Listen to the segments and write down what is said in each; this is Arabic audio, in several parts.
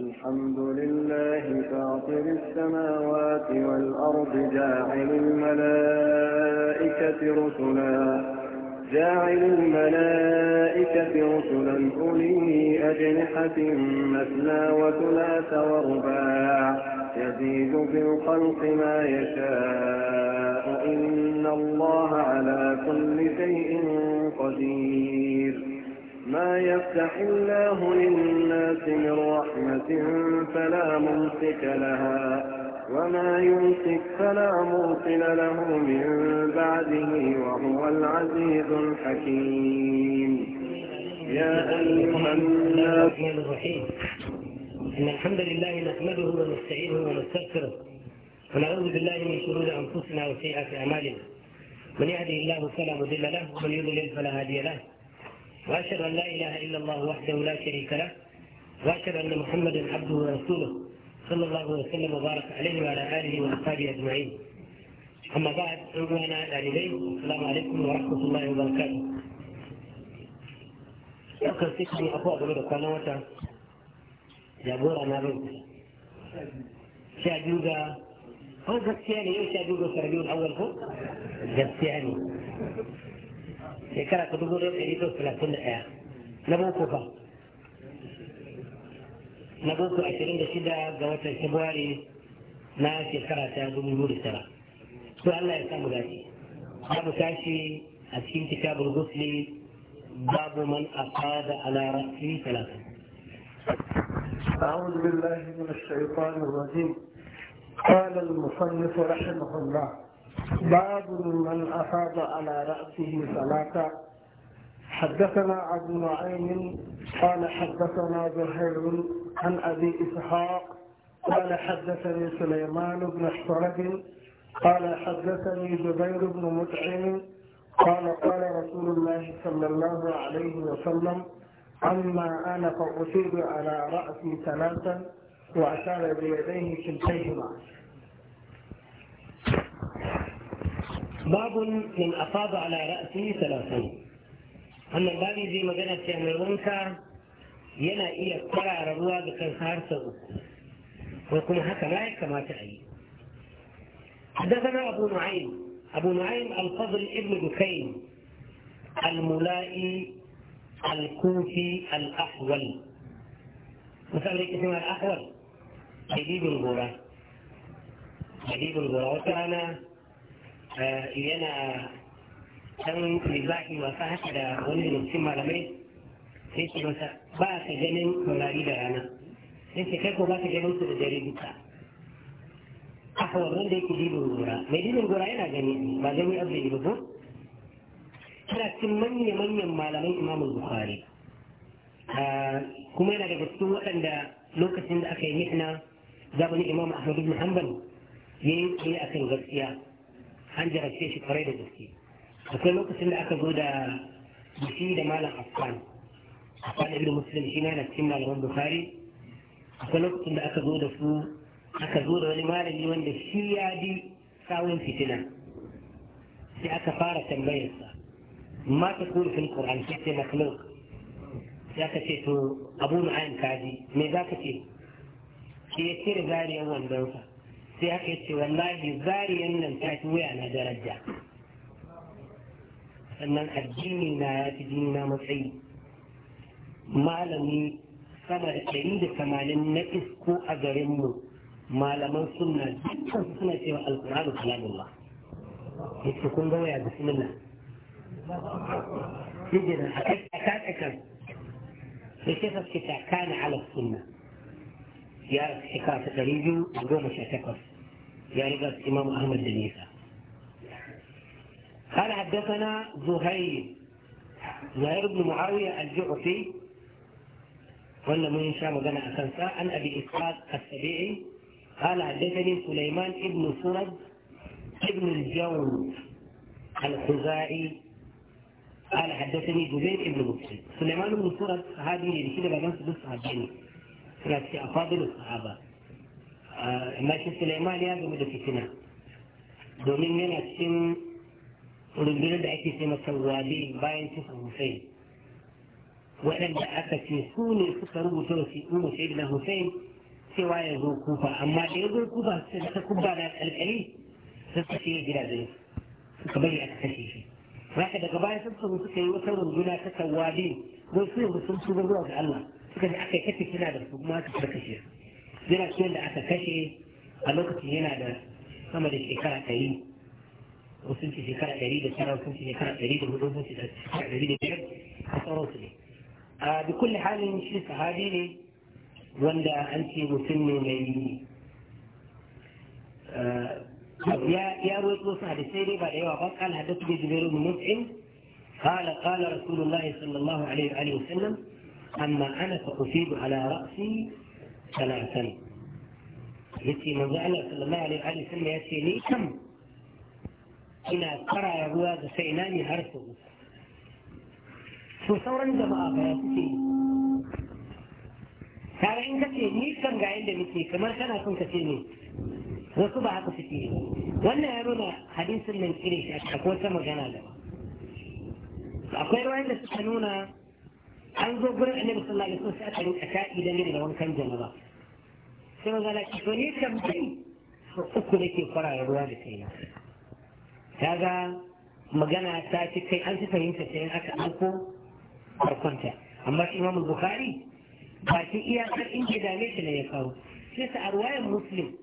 الحمد لله فاطر السماوات والأرض جاعل الملائكة رسلا جاعل الملائكة رسلا أولي أجنحة مثنى وثلاث ورباع يزيد في الخلق ما يشاء إن الله على كل شيء قدير ما يفتح الله للناس من رحمة فلا ممسك لها وما يمسك فلا مرسل له من بعده وهو العزيز الحكيم يا أيها الناس الرحيم إن الحمد لله نحمده ونستعينه ونستغفره ونعوذ بالله من شرور أنفسنا وسيئات أعمالنا من يهده الله فلا مضل له ومن يضلل فلا هادي له واشهد ان لا اله الا الله وحده لا شريك له واشهد ان محمدا عبده ورسوله صلى الله وسلم وبارك عليه وعلى اله واصحابه اجمعين اما بعد عدوانا العليلين السلام عليكم ورحمه الله وبركاته yau kan sai kuma afuwa game da kwanan wata jagora na rin sha biyu ga ko gaskiya ne yau sha biyu ga sarabiyun awal ko gaskiya ne shekara ta dubu ɗaya ɗari ɗaya talatin da ɗaya na boko fa na boko ashirin da shida ga watan februari na shekara ta dubu biyu da tara su Allah ya samu dace babu tashi a cikin kitabul gusli babu man afada ala ra'si talatin أعوذ بالله من الشيطان الرجيم قال المصنف رحمه الله باب من أفاض على رأسه صلاة حدثنا عبد نعيم قال حدثنا زهير عن أبي إسحاق قال حدثني سليمان بن حصرب قال حدثني زبير بن مطعم قال قال رسول الله صلى الله عليه وسلم أما أنا فأصيب على رأسي ثلاثا وأشار بيديه كلتيهما باب من أصاب على رأسه ثلاثون أن البالي زي ما قلت يا ملونكا ينا إيه كرع ربوا بكن خارسة وكم حكا لا كما تأي حدثنا أبو نعيم أبو نعيم الفضل ابن بكين الملائي الكوفي الأحول مثل لك اسمها الأحول حبيب البورا حبيب البورا وكان Eh, yana dan mizahi wasa haka da wani lokacin malamai sai ce masa ba ka ganin taurari da rana sai ce kai ko ba ka ganin su da dare duka a kawarin da yake dibin gora mai dibin gora yana gani ba gani abu da ibubu kira cikin manya-manyan malaman imamun bukhari eh, kuma yana daga cikin waɗanda lokacin da aka yi mihna mu imam ahmad ibn hanbal ya yi a kan gaskiya an jarabce shi kwarai da gaske akwai lokacin da aka zo da bishi da malam afghan afghan ibn muslim shi na da cikin malaman bukari akwai lokacin da aka zo da su aka zo da wani malami wanda shi ya bi sawun fitina sai aka fara tambayarsa ma ta kuri fil qur'an sai ce makhluk sai aka ce to abu nu'ayn kaji me za ka ce Ke ya cire zariyar wandonsa سيكت والله يباري أن الكاتوية أنا درجة أن الحجيني ما يتجيني ما مصعي ما لمي فما تريد كما لن نتسكو أغرمه ما لم نصنع جدا سنة سوى القرآن وكلام الله يتسكون دوا يا بسم الله تجد أكاد أكاد أكاد فكيف كان على السنة يا أخي كاف تريد أن قوم شاتكوس يعني قال الإمام أحمد بن قال حدثنا زهير زهير بن معاوية الجعفي ولا من شاء مدنا أسنسا عن أبي إسحاق السبيعي قال حدثني سليمان بن سرد بن الجون الخزاعي قال حدثني جبير بن مسلم سليمان بن سرد هذه اللي كده بنفس الصحابين ثلاثة أفاضل الصحابة mashi suleiman ya gamu da fitina domin yana cikin rundunar da ake ce masa wale bayan kisan hussein waɗanda aka ce su ne suka rubuta wasiƙun hussein na hussein cewa ya zo kufa amma da ya zo kufa su da ta kuba na alƙali sun kashe ya gidaje suka bari aka kashe shi haka daga baya sun tsoro suka yi wata runduna ta tawali don su yi sun tuba zuwa ga Allah suka ji aka yi kashe kina da su kuma suka kashe su jiragen da aka kashe a lokacin yana da sama da shekara ɗari wasu ce shekara ɗari da tara wasu ce shekara ɗari da hudu wasu ce shekara ɗari da biyar a sauransu ne a bi kulli halin shi sahabi ne wanda an ce mutum ne mai يا رويت موسى بسيري بعد ايوه قال حدثني جبير بن مطعم قال قال رسول الله صلى الله عليه واله وسلم اما انا فاصيب على راسي salatan yace manzo Allah sallallahu alaihi wa sallam yace ni kam ina kara ruwa ga sai ne ni har su to sauran jama'a ba ya suke kaga in kace ni kan ga yanda nake kamar kana son kace ne wasu ba haka suke wannan ya nuna hadisin nan kire shi akwai magana da akwai ruwan da suka nuna an zo gurin annabi sallallahu alaihi wasallam sai aka rinka ta da ne da wankan janaba sai maza na to ni tambayi ko uku nake da ruwa da kaina kaga magana ta ci kai an ci fahimta sai aka ɗauko farkonta amma shi imam bukhari ba iya kar inda dame shi ne ya kawo sai sa a ruwayar muslim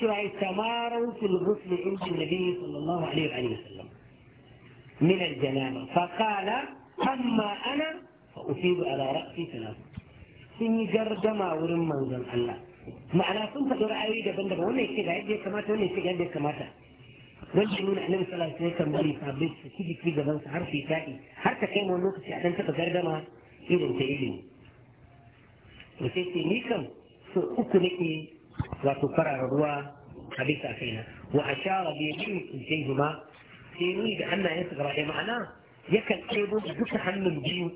cewa ya samarau musulun rusli inda nabi sallallahu alaihi wa sallam min aljanaba fa qala amma ana أصيب على رأسي ثلاثة إن جرد ما ورم من ذن الله معنى كنت ترى أريد بندب وانا يستقعد يا كماتا وانا يستقعد يا كماتا والجنون أعلم صلى الله عليه وسلم بلي فابلس كيدي كي جبان سعر في تائي هل تكيم ونوك في أحدان تبا جرد ما إذا انت إذن وسيتي ميكم فأكنئي وتقرع الرواة حديث أخينا وأشار بيدين كنتيهما في نريد أن يسغر أي معنى يكن أيضا ذكر حمل الجيوت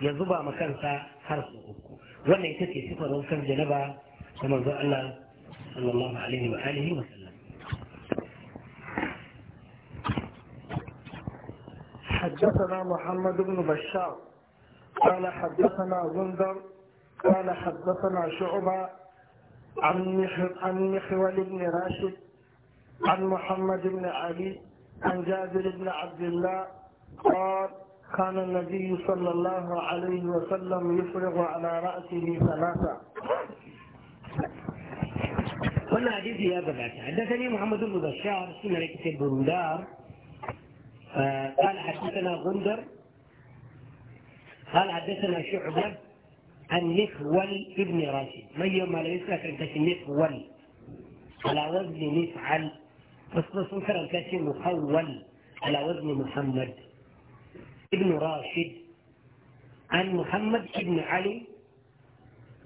yanzu ba ma kansa har su uku wannan ita ce sifar wankan janaba ta manzo Allah sallallahu alaihi wa alihi wa sallam حدثنا محمد بن بشار قال حدثنا زندر قال حدثنا شعبة عن محول بن راشد عن محمد بن علي عن جابر بن عبد الله قال كان النبي صلى الله عليه وسلم يفرغ على رأسه ثلاثة قلنا حديث يا بلاتي حدثني محمد بن بشار سنة لكتب بندار آه، قال حدثنا غندر قال حدثنا شعبة عن نفول ابن راشد من يوم لا يسلك انت نفول على وزن نفعل بس بس انكر انت مخول على وزن محمد ابن راشد عن محمد بن علي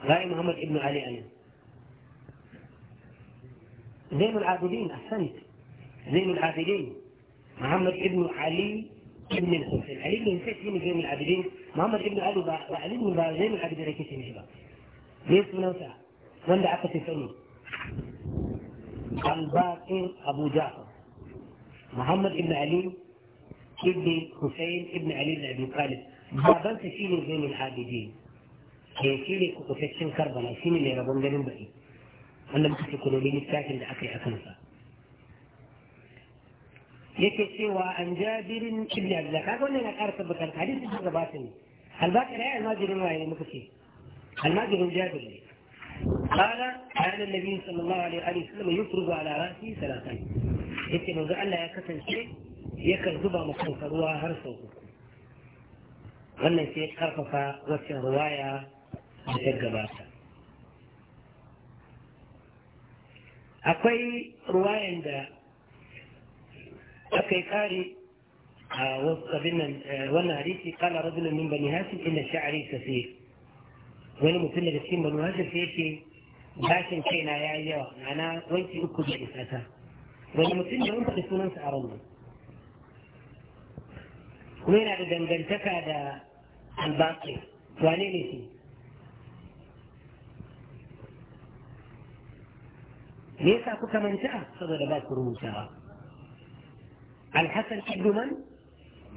غير محمد بن علي أنا زين العابدين أحسنت زين العابدين محمد بن علي بن الحسين علي بن الحسين زين العابدين محمد بن علي وعلي بن زين العابدين ركيسين شباب ليس من أوسع ولا عقد تسألني الباقر أبو جعفر محمد بن علي ابن حسين ابن علي بن ابي طالب بابان تشيني زين العابدين كيشيني كوكوشن كربلاء شيني اللي ربهم قال بقي انا ممكن تكونوا لي مستاكل لاكل حكمها يكي سوى عن جابر ابن عبد الله كيف قلنا لك ارتب بك الحديث في هذا باطني الباكر هي الماجر من وعي المكسي الماجر من جابر لي قال كان النبي صلى الله عليه وسلم يفرض على راسه ثلاثا يكي نوزع الله يكتن شيء yakan zuba ma kansa ruwa har sau uku wannan sai karfafa wacce ruwaya da ta gabata akwai ruwayan da aka yi kare a eh, wannan hadisi kala rajulun min bani hasim inda sha'ari kasir wani mutum daga cikin bani hasim sai yake gashin kaina ya yi yawa ma'ana wanki uku da ta wani mutum da wani faɗi sunansa a ranar kuma yana da dangantaka da albaki wane ne shi me yasa kuka manta saboda ba ku rubutawa alhassan ibn